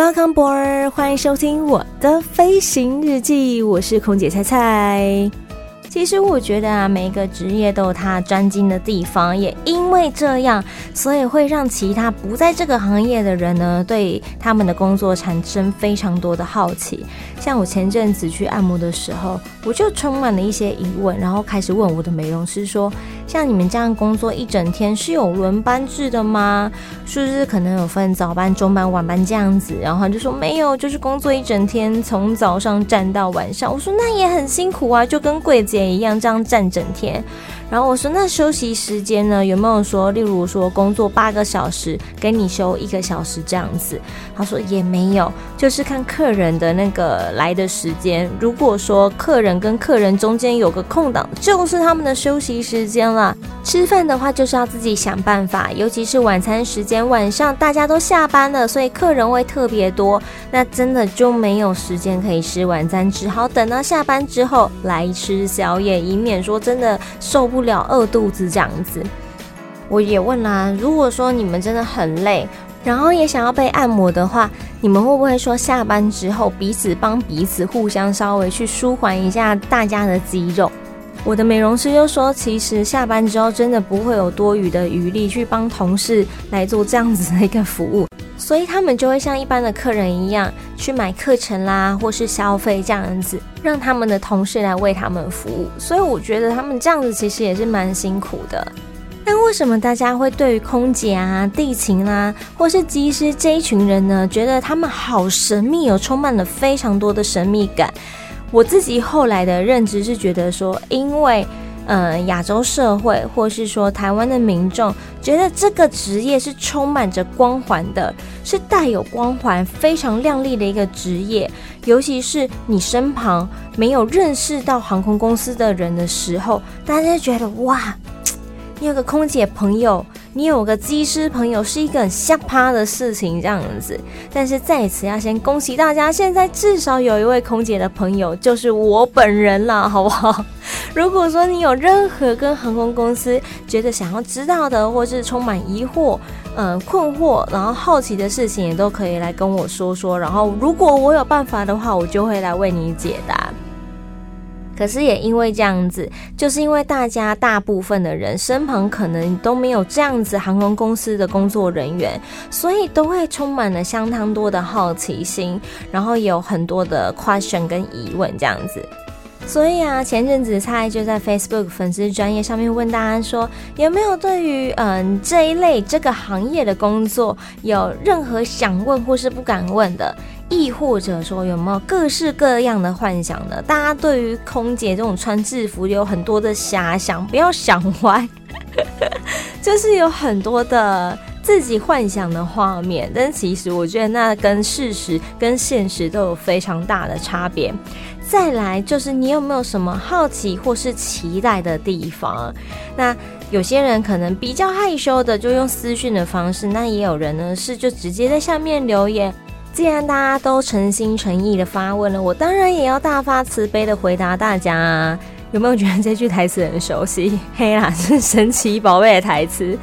Welcome aboard, 歡迎收聽我的飛行日記，我是空姐菜菜。其實我覺得啊，每一個職業都有他專精的地方，也因為這樣，所以會讓其他不在這個行業的人呢，對他們的工作產生非常多的好奇。像我前陣子去按摩的時候，我就充滿了一些疑問，然後開始問我的美容師說。像你們這樣工作一整天是有輪班制的嗎？是不是可能有份早班、中班、晚班這樣子？然後就說沒有，就是工作一整天，從早上站到晚上。我說那也很辛苦啊，就跟櫃姐一樣這樣站整天。然後我說，那休息時間呢？有沒有說，例如說工作八個小時，給你休一個小時這樣子？他說也沒有，就是看客人的那個來的時間。如果說客人跟客人中間有個空檔，就是他們的休息時間了。吃飯的話，就是要自己想辦法，尤其是晚餐時間，晚上大家都下班了，所以客人會特別多。那真的就沒有時間可以吃晚餐，只好等到下班之後來吃宵夜，以免說真的受不了餓肚子這樣子。我也問啦、啊，如果說你們真的很累，然後也想要被按摩的話，你們會不會說下班之後彼此幫彼此，互相稍微去舒緩一下大家的肌肉？我的美容師就說，其實下班之後真的不會有多餘的餘力去幫同事來做這樣子的一個服務。所以他們就會像一般的客人一樣去買課程啦，或是消費這樣子，讓他們的同事來為他們服務。所以我覺得他們這樣子其實也是蠻辛苦的。那為什麼大家會對於空姐啊、地勤啦、啊，或是機師這一群人呢，覺得他們好神秘、哦，有充滿了非常多的神秘感？我自己後來的認知是覺得說，因為。呃，亞洲社會，或是說臺灣的民眾，覺得這個職業是充滿着光環的，是帶有光環、非常亮麗的一個職業。尤其是你身旁沒有認識到航空公司的人的時候，大家就覺得哇，你有個空姐朋友。你有個機師朋友是一個很奇葩的事情，這樣子。但是在此要先恭喜大家，現在至少有一位空姐的朋友就是我本人啦，好不好？如果說你有任何跟航空公司覺得想要知道的，或是充滿疑惑、嗯、呃、困惑，然後好奇的事情，也都可以來跟我說說。然後如果我有辦法的話，我就會來為你解答。可是也因為這樣子，就是因為大家大部分的人身旁可能都沒有這樣子航空公司的工作人員，所以都會充滿了相當多的好奇心，然後有很多的 question 跟疑問這樣子。所以啊，前陣子菜就在 Facebook 粉絲專頁上面問大家說，有沒有對於嗯、呃、這一類這個行業的工作有任何想問或是不敢問的？亦或者說有沒有各式各樣的幻想呢？大家對於空姐這種穿制服有很多的遐想，不要想歪， 就是有很多的自己幻想的畫面。但其實我覺得那跟事實、跟現實都有非常大的差別。再來就是你有沒有什麼好奇或是期待的地方？那有些人可能比較害羞的，就用私訊的方式；那也有人呢，是就直接在下面留言。既然大家都誠心誠意的發問了，我當然也要大發慈悲的回答大家。有沒有覺得這句台詞很熟悉？嘿啦，是神奇寶貝的台詞，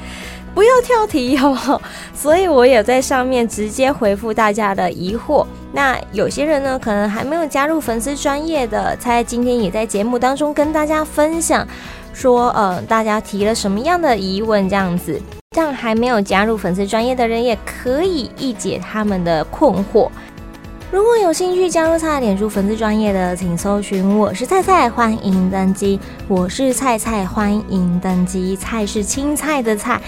不要跳題哦。所以我也在上面直接回復大家的疑惑。那有些人呢，可能還沒有加入粉絲專頁的，菜今天也在節目當中跟大家分享。說，呃，大家提了什麼樣的疑問這樣子，但還沒有加入粉絲專頁的人也可以一解他們的困惑。如果有興趣加入菜的臉書粉絲專頁的，請搜尋“我是菜菜”，歡迎登機。我是菜菜，歡迎登機。菜是青菜的菜。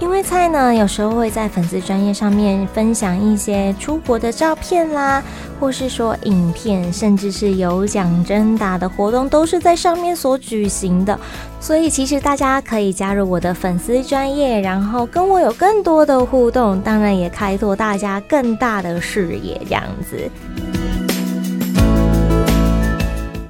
因為菜呢，有時候會在粉絲專頁上面分享一些出國的照片啦，或是說影片，甚至是有獎徵答的活動，都是在上面所舉行的。所以其實大家可以加入我的粉絲專頁，然後跟我有更多的互動，當然也開拓大家更大的視野，這樣子。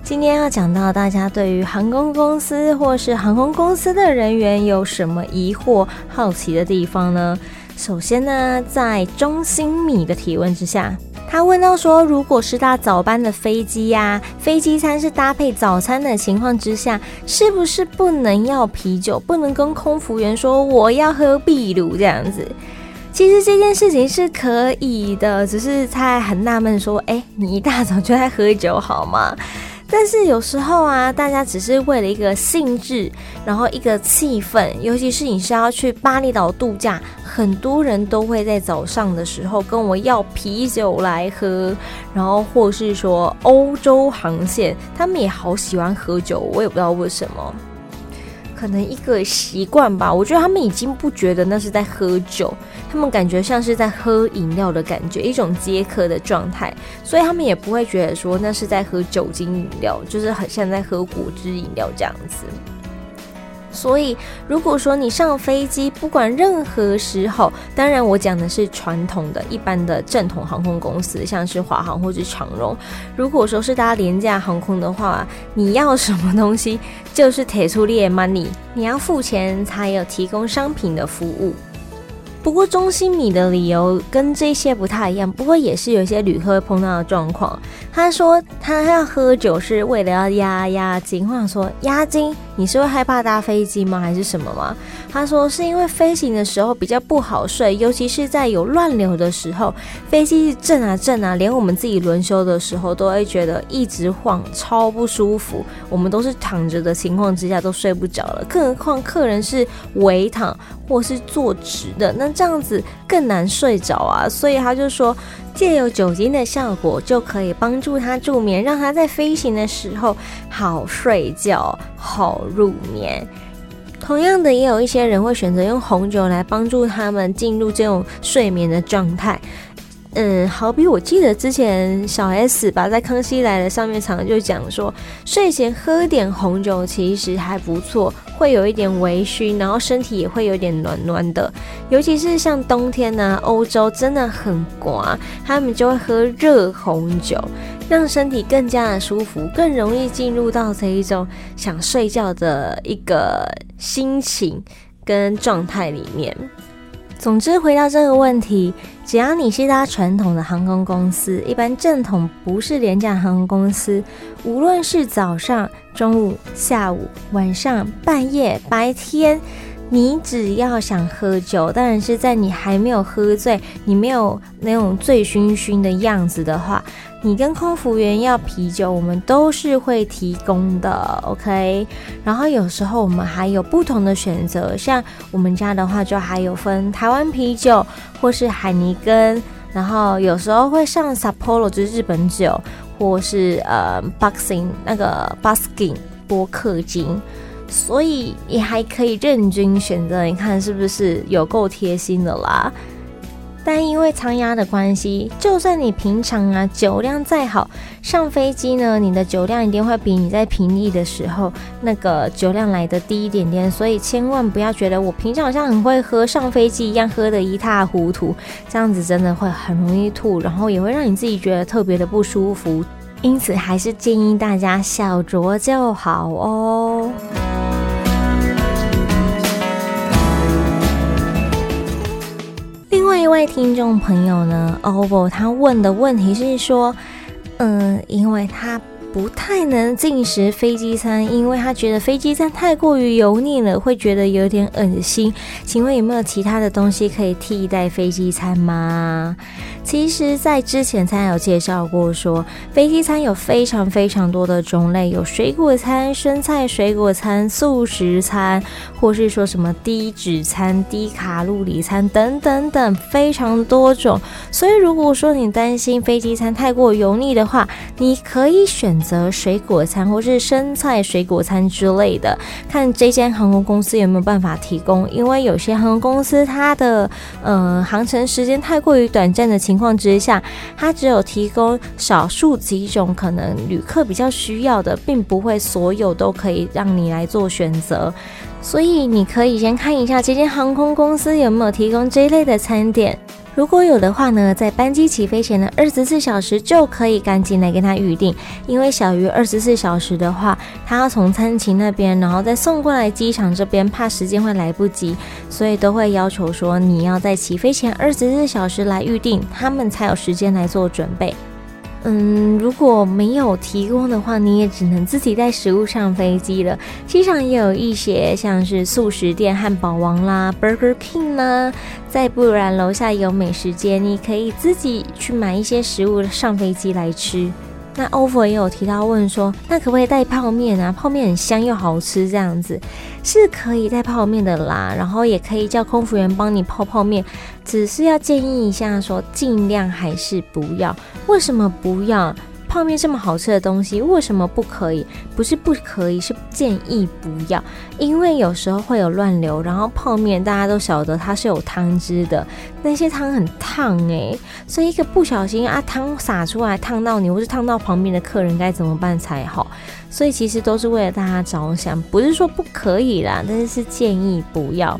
今天要講到大家對於航空公司或是航空公司的人員有什麼疑惑、好奇的地方呢？首先呢，在中心米的提問之下，他問到說，如果是大早班的飛機呀、啊，飛機餐是搭配早餐的情況之下，是不是不能要啤酒？不能跟空服員說我要喝啤酒這樣子？其實這件事情是可以的，只是他還很納悶說，誒、欸，你一大早就在喝酒好嗎？但是有時候啊，大家只是為了一個興致，然後一個氣氛，尤其是你是要去巴厘島度假，很多人都會在早上的時候跟我要啤酒來喝，然後或是說歐洲航線，他們也好喜歡喝酒，我也不知道為什麼。可能一個習慣吧，我覺得他們已經不覺得那是在喝酒，他們感覺像是在喝飲料的感覺，一種解渴的狀態，所以他們也不會覺得說那是在喝酒精飲料，就是很像在喝果汁飲料這樣子。所以，如果說你上飛機，不管任何時候，當然我講的是傳統的、一般的正統航空公司，像是華航或者長榮。如果說是搭廉價航空的話，你要什麼東西就是提出你的 money，你要付錢才有提供商品的服務。不過中心米的理由跟這些不太一樣，不過也是有些旅客會碰到的狀況。他說他要喝酒是為了要壓押，押金，我想說押金。你是會害怕搭飛機嗎，還是什麼嗎？他說是因為飛行的時候比較不好睡，尤其是在有亂流的時候，飛機震啊震啊，連我們自己輪休的時候都會覺得一直晃，超不舒服。我們都是躺着的情況之下都睡不着了，更何況客人是微躺或是坐直的，那這樣子更難睡着啊。所以他就說。借由酒精的效果，就可以幫助他助眠，讓他在飛行的時候好睡覺、好入眠。同樣的，也有一些人會選擇用紅酒來幫助他們進入這種睡眠的狀態。嗯，好比我記得之前小 S 吧，在《康熙來了》上面常常就講說，睡前喝點紅酒其實還不錯，會有一點微醺，然後身體也會有點暖暖的。尤其是像冬天呢、啊，歐洲真的很颳，他們就會喝熱紅酒，讓身體更加的舒服，更容易進入到這一種想睡覺的一個心情跟狀態裡面。總之，回到這個問題，只要你是一家傳統的航空公司，一般正統不是廉價航空公司，無論是早上、中午、下午、晚上、半夜、白天。你只要想喝酒，但是在你還沒有喝醉、你沒有那種醉醺醺的樣子的話，你跟空服員要啤酒，我們都是會提供的，OK。然後有時候我們還有不同的選擇，像我們家的話，就還有分台灣啤酒或是海尼根，然後有時候會上 Sapporo 就是日本酒，或是呃 Boxing 那個 Boxing 波克金。所以你還可以任君選擇，你看是不是有夠貼心的啦？但因為艙壓的關係，就算你平常啊酒量再好，上飛機呢，你的酒量一定會比你在平地的時候那個酒量來得低一點點。所以千萬不要覺得我平常好像很會喝，上飛機一樣喝得一塌糊塗，這樣子真的會很容易吐，然後也會讓你自己覺得特別的不舒服。因此，還是建議大家小酌就好哦。位聽眾朋友呢，Ovo 他問的問題是說，嗯，因為他，不太能進食飛機餐，因為他覺得飛機餐太過於油膩了，會覺得有點惡心。請問有沒有其他的東西可以替代飛機餐嗎？其實，在之前菜有介紹過說，說飛機餐有非常非常多的種類，有水果餐、生菜水果餐、素食餐，或是說什麼低脂餐、低卡路里餐等等等，非常多種。所以，如果說你擔心飛機餐太過油膩的話，你可以選擇。則水果餐或是生菜水果餐之類的，看這間航空公司有沒有辦法提供。因為有些航空公司它的嗯，呃，航程時間太過於短暫的情況之下，它只有提供少數幾種可能旅客比較需要的，並不會所有都可以讓你來做選擇。所以你可以先看一下這間航空公司有沒有提供這類的餐點。如果有的話呢，在班機起飛前的二十四小時就可以趕緊來跟他預定，因為小於二十四小時的話，他要從餐勤那邊，然後再送過來機場這邊，怕時間會來不及，所以都會要求說你要在起飛前二十四小時來預定，他們才有時間來做準備。嗯，如果沒有提供的話，你也只能自己帶食物上飛機了。機場也有一些像是速食店、漢堡王啦、Burger King 啦。再不然，樓下有美食街，你可以自己去買一些食物上飛機來吃。那 offer 也有提到問說，那可不可以帶泡麵啊？泡麵很香又好吃，這樣子是可以帶泡麵的啦。然後也可以叫空服員幫你泡泡麵，只是要建議一下，說盡量還是不要。為什麼不要？泡麵這麼好吃的東西，為什麼不可以？不是不可以，是建議不要，因為有時候會有亂流，然後泡麵大家都曉得它是有湯汁的，那些湯很燙誒。所以一個不小心啊，湯灑出來燙到你，或是燙到旁邊的客人，該怎麼辦才好？所以其實都是為了大家着想，不是說不可以啦，但是是建議不要。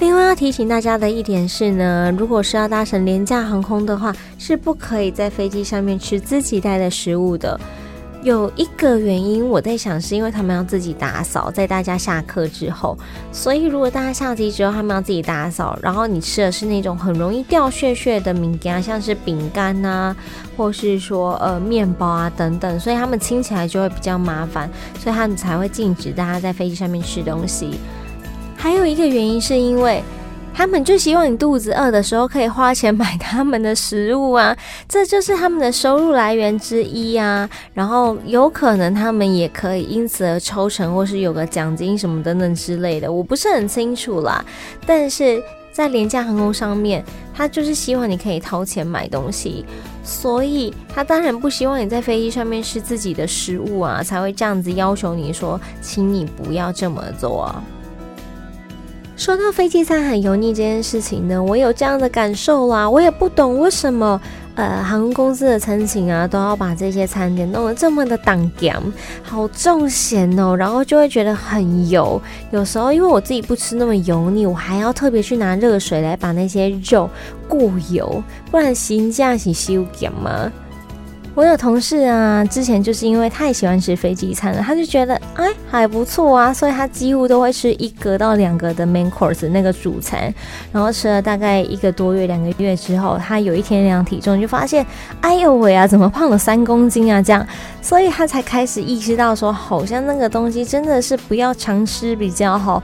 另外要提醒大家的一點是呢，如果是要搭乘廉價航空的話，是不可以在飛機上面吃自己帶的食物的。有一個原因我在想，是因為他們要自己打掃，在大家下課之後，所以如果大家下機之後，他們要自己打掃，然後你吃的是那種很容易掉屑屑的餅乾，像是餅乾吶，或是說呃麵包啊等等，所以他們清起來就會比較麻煩，所以他們才會禁止大家在飛機上面吃東西。還有一個原因是因為他們就希望你肚子餓的時候可以花錢買他們的食物啊，這就是他們的收入來源之一啊。然後有可能他們也可以因此而抽成，或是有個獎金什麼等等之類的，我不是很清楚啦。但是在廉價航空上面，他就是希望你可以掏錢買東西，所以他當然不希望你在飛機上面吃自己的食物啊，才會這樣子要求你說，請你不要這麼做啊。說到飛機餐很油膩這件事情呢，我有這樣的感受啦。我也不懂為什麼，呃，航空公司的餐情啊，都要把這些餐點弄得這麼的擋鹹，好重鹹哦。然後就會覺得很油。有時候因為我自己不吃那麼油膩，我還要特別去拿熱水來把那些肉過油，不然新疆是修鹹嗎？我有同事啊，之前就是因為太喜歡吃飛機餐了，他就覺得哎還不錯啊，所以他幾乎都會吃一格到兩格的 main course 那個主餐，然後吃了大概一個多月、兩個月之後，他有一天量體重就發現，哎呦喂啊，怎麼胖了三公斤啊這樣，所以他才開始意識到說，好像那個東西真的是不要常吃比較好。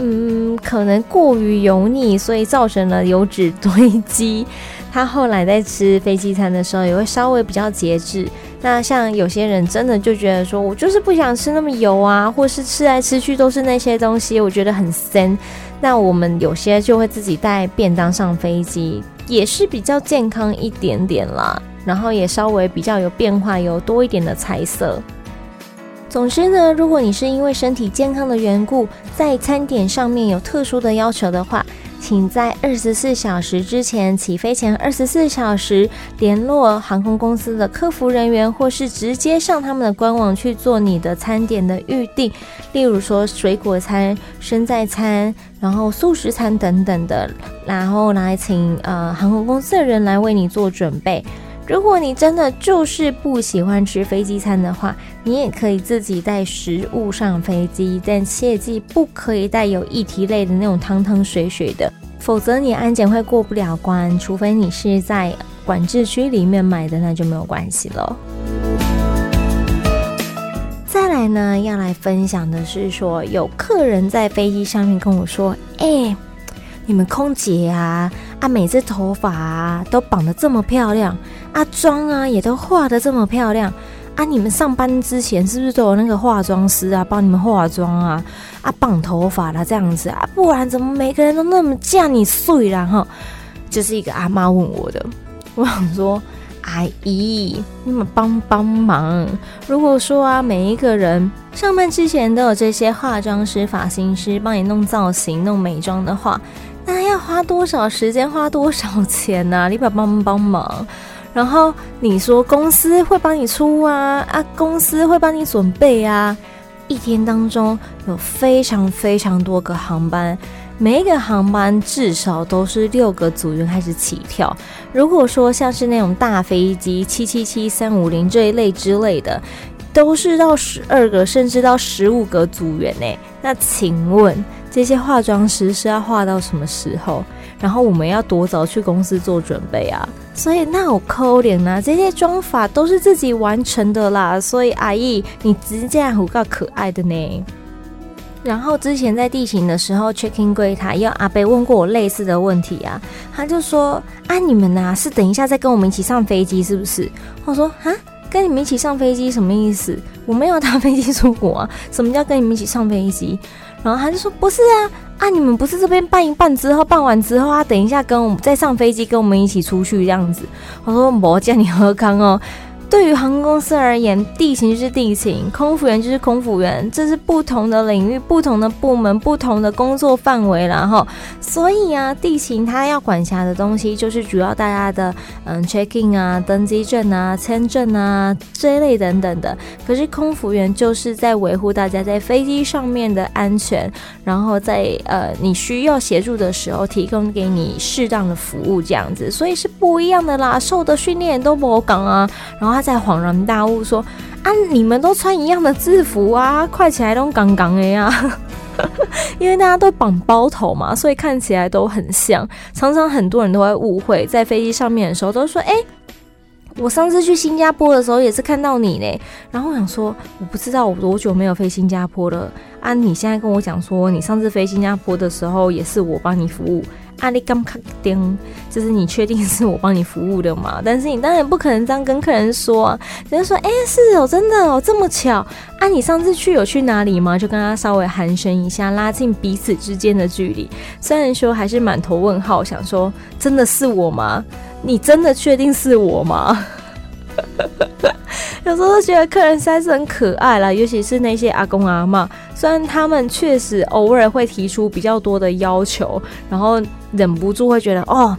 嗯，可能過於油膩，所以造成了油脂堆積。他後來在吃飛機餐的時候，也會稍微比較節制。那像有些人真的就覺得說，我就是不想吃那麼油啊，或是吃來吃去都是那些東西，我覺得很森。那我們有些就會自己帶便當上飛機，也是比較健康一點點啦，然後也稍微比較有變化，有多一點的菜色。總之呢，如果你是因為身體健康的緣故，在餐點上面有特殊的要求的話，請在二十四小時之前，起飛前二十四小時聯絡航空公司的客服人員，或是直接上他們的官網去做你的餐點的預訂。例如說水果餐、生菜餐，然後素食餐等等的，然後來請呃航空公司的人來為你做準備。如果你真的就是不喜歡吃飛機餐的話，你也可以自己帶食物上飛機，但切記不可以帶有液體類的那種湯湯水水的，否則你安檢會過不了關。除非你是在管制區裡面買的，那就沒有關係了。再來呢，要來分享的是說，有客人在飛機上面跟我說：“哎、欸，你們空姐啊。”啊，每次頭髮、啊、都綁得這麼漂亮，啊妝啊也都畫得這麼漂亮，啊你們上班之前是不是都有那個化妝師啊幫你們化妝啊？啊綁頭髮啦這樣子啊，不然怎麼每個人都那麼嫁你碎了，然後就是一個阿媽問我的，我想說 阿姨，你們幫幫忙。如果說啊，每一個人上班之前都有這些化妝師、髮型師幫你弄造型、弄美妝的話。那要花多少時間，花多少錢呢、啊？你不要幫忙幫忙。然後你說公司會幫你出啊啊，公司會幫你準備啊。一天當中有非常非常多個航班，每一個航班至少都是六個組員開始起跳。如果說像是那種大飛機七七七、三五零這一類之類的，都是到十二個，甚至到十五個組員呢。那請問這些化妝師是要化到什麼時候？然後我們要多早去公司做準備啊？所以那我摳臉啊。這些妝法都是自己完成的啦。所以阿姨，你指甲塗夠可愛的呢。然後之前在地勤的時候，check-in 櫃台也有阿伯問過我類似的問題啊。他就說：“啊，你們吶、啊、是等一下再跟我們一起上飛機是不是？”我說：“啊。”跟你們一起上飛機什麼意思？我沒有搭飛機出國啊！什麼叫跟你們一起上飛機？然後他就說不是啊啊，你們不是這邊辦一辦之後辦完之後啊，等一下跟我們再上飛機，跟我們一起出去這樣子。我說我沒有見你喝湯哦。對於航空公司而言，地勤是地勤，空服員就是空服員，這是不同的領域、不同的部門、不同的工作範圍，然後所以啊，地勤它要管轄的東西就是主要大家的，嗯，check in 啊，登機證啊、簽證啊這類等等的。可是空服員就是在維護大家在飛機上面的安全，然後在呃你需要協助的時候提供給你適當的服務這樣子，所以是不一樣的啦。受的訓練都不好講啊，然後。他在恍然大悟說：“啊，你們都穿一樣的制服啊，快起來都槓槓的呀、啊！ 因為大家都綁包頭嘛，所以看起來都很像。常常很多人都會誤會，在飛機上面的時候，都說：‘哎、欸，我上次去新加坡的時候也是看到你呢。’然後我想說，我不知道我多久沒有飛新加坡了啊！你現在跟我講說，你上次飛新加坡的時候也是我幫你服務。”阿里卡丁，就是你確定是我幫你服務的嗎？但是你當然不可能這樣跟客人說啊，人家說哎、欸、是哦、喔，真的哦、喔，這麼巧啊？你上次去有去哪裡嗎？就跟他稍微寒暄一下，拉近彼此之間的距離。雖然說還是滿頭問號，想說真的是我嗎？你真的確定是我嗎？ 有時候都覺得客人實在是很可愛啦，尤其是那些阿公阿媽，雖然他們確實偶爾會提出比較多的要求，然後忍不住會覺得哦，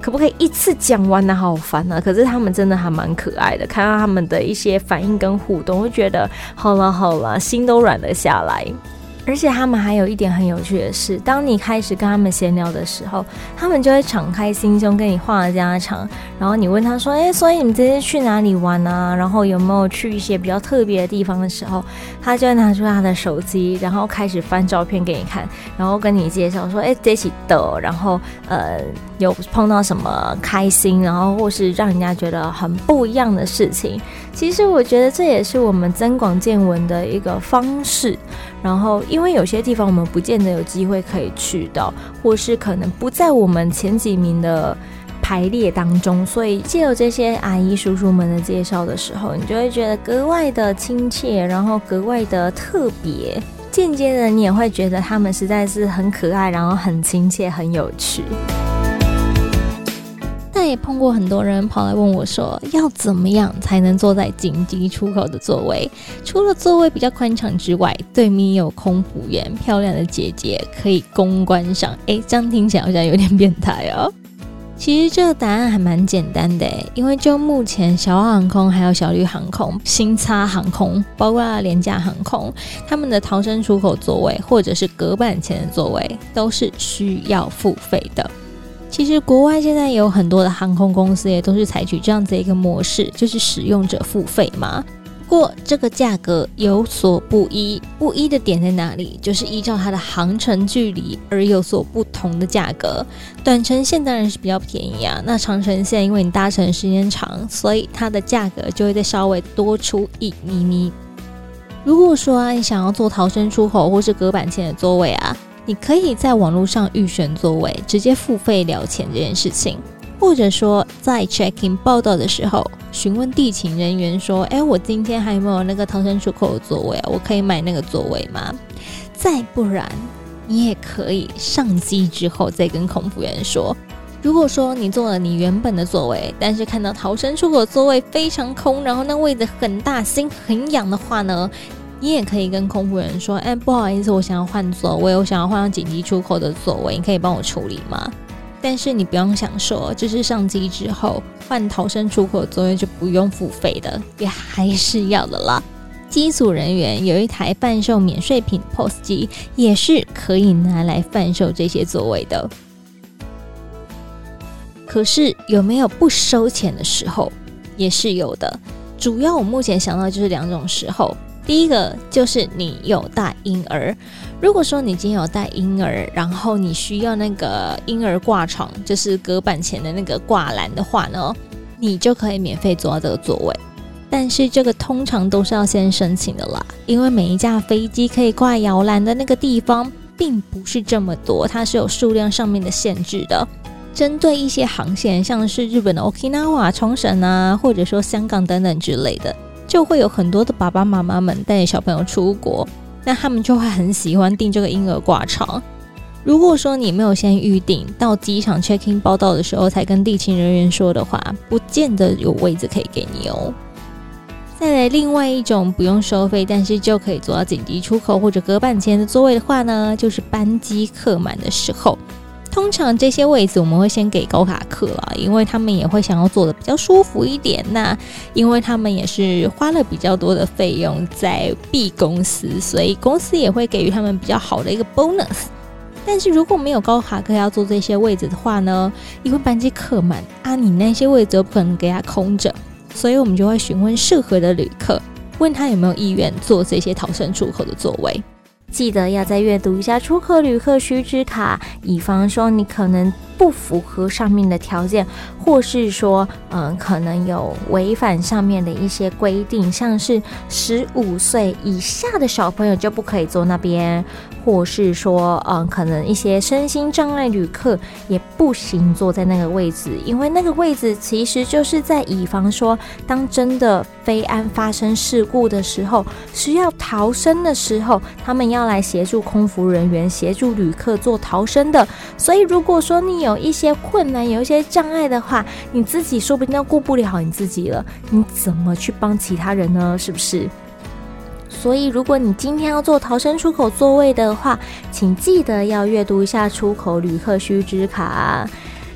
可不可以一次講完呢啊？好煩啊！可是他們真的還蠻可愛的，看到他們的一些反應跟互動，會覺得好了好了，心都軟了下來。而且他們還有一點很有趣的是，當你開始跟他們閒聊的時候，他們就會敞開心胸跟你話家常。然後你問他說：“誒、欸，所以你們今天去哪裡玩啊？然後有沒有去一些比較特別的地方的時候？”他就會拿出他的手機，然後開始翻照片給你看，然後跟你介紹說：“誒、欸，這是的，然後呃，有碰到什麼開心，然後或是讓人家覺得很不一樣的事情。”其實我覺得這也是我們增廣見聞的一個方式。然後，因為有些地方我們不見得有機會可以去到，或是可能不在我們前幾名的排列當中，所以借由這些阿姨叔叔們的介紹的時候，你就會覺得格外的親切，然後格外的特別。間接的，你也會覺得他們實在是很可愛，然後很親切，很有趣。也碰過很多人跑來問我說要怎麼樣才能坐在緊急出口的座位？除了座位比較寬敞之外，對面也有空服員漂亮的姐姐可以公關上。欸，這樣聽起來好像有點變態哦。其實這個答案還蠻簡單的欸，因為就目前小黃航空、還有小綠航空、星宇航空，包括廉價航空，他們的逃生出口座位或者是隔板前的座位，都是需要付費的。其實國外現在也有很多的航空公司也都是採取這樣子的一個模式，就是使用者付費嘛。不過這個價格有所不一，不一的點在哪裡？就是依照它的航程距離而有所不同的價格。短程線當然是比較便宜啊，那長程線因為你搭乘時間長，所以它的價格就會再稍微多出一咪咪。如果說啊，你想要坐逃生出口或是隔板前的座位啊，你可以在網絡上預選座位，直接付費了錢這件事情，或者說在 checking 報到的時候詢問地勤人員說：“哎、欸，我今天還有沒有那個逃生出口的座位啊？我可以買那個座位嗎？”再不然，你也可以上機之後再跟空服員說。如果說你坐了你原本的座位，但是看到逃生出口的座位非常空，然後那位子很大，心很癢的話呢？你也可以跟空服人說：“哎，不好意思，我想要換座位，我有想要換緊急出口的座位，你可以幫我處理嗎？”但是你不用想說，這、就是上機之後換逃生出口的座位就不用付費的，也還是要的啦。機組人員有一台販售免稅品 POS 機，也是可以拿來販售這些座位的。可是有沒有不收錢的時候，也是有的。主要我目前想到就是兩種時候。第一個就是你有帶嬰兒。如果說你今天有帶嬰兒，然後你需要那個嬰兒掛床，就是隔板前的那個掛籃的話呢，你就可以免費坐到這個座位。但是這個通常都是要先申請的啦，因為每一架飛機可以掛搖籃的那個地方並不是這麼多，它是有數量上面的限制的。針對一些航線，像是日本的 Okinawa 沖繩啊，或者說香港等等之類的。就會有很多的爸爸媽媽們帶着小朋友出國。那他們就會很喜歡訂這個嬰兒掛床。如果說你沒有先預訂，到機場 check-in 報到的時候才跟地勤人員說的話，不見得有位置可以給你哦。再來，另外一種不用收費，但是就可以坐到緊急出口或者隔板前的座位的話呢，就是班機客滿的時候。通常這些位置我們會先給高卡客啊，因為他們也會想要坐得比較舒服一點。那因為他們也是花了比較多的費用在 B 公司，所以公司也會給予他們比較好的一個 bonus。但是如果沒有高卡客要坐這些位置的話呢，因為班機客滿啊，你那些位置不可能給他空着，所以我們就會詢問適合的旅客，問他有沒有意願坐這些逃生出口的座位。記得要再閱讀一下出口旅客須知卡，以防說你可能，不符合上面的條件，或是說，嗯，可能有違反上面的一些規定，像是十五歲以下的小朋友就不可以坐那邊，或是說，嗯，可能一些身心障礙旅客也不行坐在那個位置，因為那個位置其實就是在以防說，當真的飛安發生事故的時候，需要逃生的時候，他們要來協助空服人員協助旅客做逃生的。所以，如果說你有有一些困難，有一些障礙的話，你自己說不定都顧不了你自己了。你怎麼去幫其他人呢？是不是？所以，如果你今天要做逃生出口座位的話，請記得要閱讀一下出口旅客須知卡。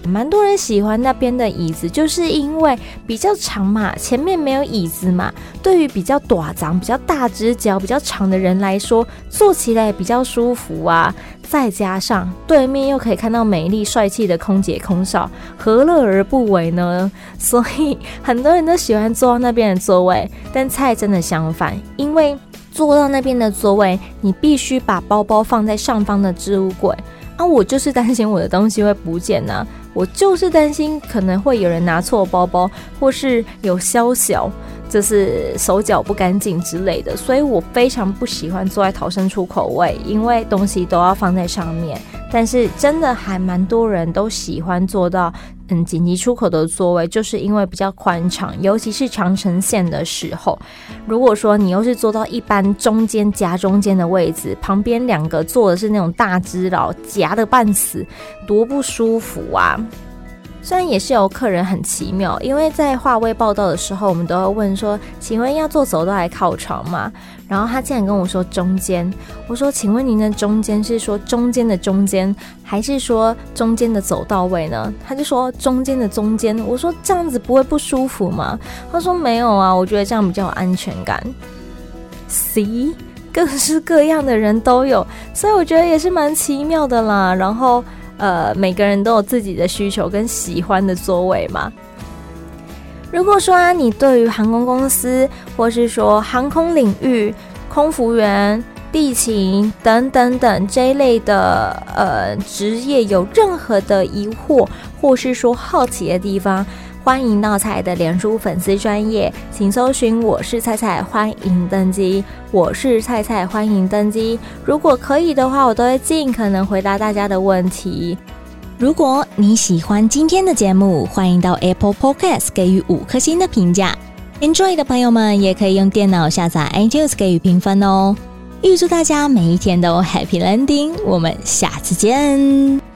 蠻多人喜歡那邊的椅子，就是因為比較長嘛，前面沒有椅子嘛。對於比較短、長、比較大隻腳、比較長的人來說，坐起來比較舒服啊。再加上對面又可以看到美麗帥氣的空姐空少，何樂而不為呢？所以很多人都喜歡坐到那邊的座位。但菜真的相反，因為坐到那邊的座位，你必須把包包放在上方的置物櫃。啊，我就是擔心我的東西會不見呢、啊。我就是擔心，可能會有人拿錯包包，或是有宵小。就是手腳不乾淨之類的，所以我非常不喜歡坐在逃生出口位，因為東西都要放在上面。但是真的還蠻多人都喜歡坐到嗯，緊急出口的座位，就是因為比較寬敞，尤其是長程線的時候。如果說你又是坐到一般中間夾中間的位置，旁邊兩個坐的是那種大隻佬，夾得半死，多不舒服啊！雖然也是有客人很奇妙，因為在劃位報到的時候，我們都要問說，請問要坐走道還靠窗嗎？然後他竟然跟我說中間，我說，請問您的中間是說中間的中間，還是說中間的走道位呢？他就說中間的中間，我說這樣子不會不舒服嗎？他說，沒有啊，我覺得這樣比較有安全感。C，各式各樣的人都有，所以我覺得也是蠻奇妙的啦。然後。呃，每個人都有自己的需求跟喜歡的座位嘛。如果說啊，你對於航空公司或是說航空領域、空服員、地勤等等等這一類的呃職業有任何的疑惑，或是說好奇的地方。歡迎到菜的臉書粉絲專頁，請搜尋“我是菜菜”，歡迎登機。我是菜菜，歡迎登機。如果可以的話，我都會盡可能回答大家的問題。如果你喜歡今天的節目，歡迎到 Apple Podcast 給予五顆星的評價。安卓的朋友們也可以用電腦下載 iTunes 給予評分哦。預祝大家每一天都 Happy Landing，我們下次見。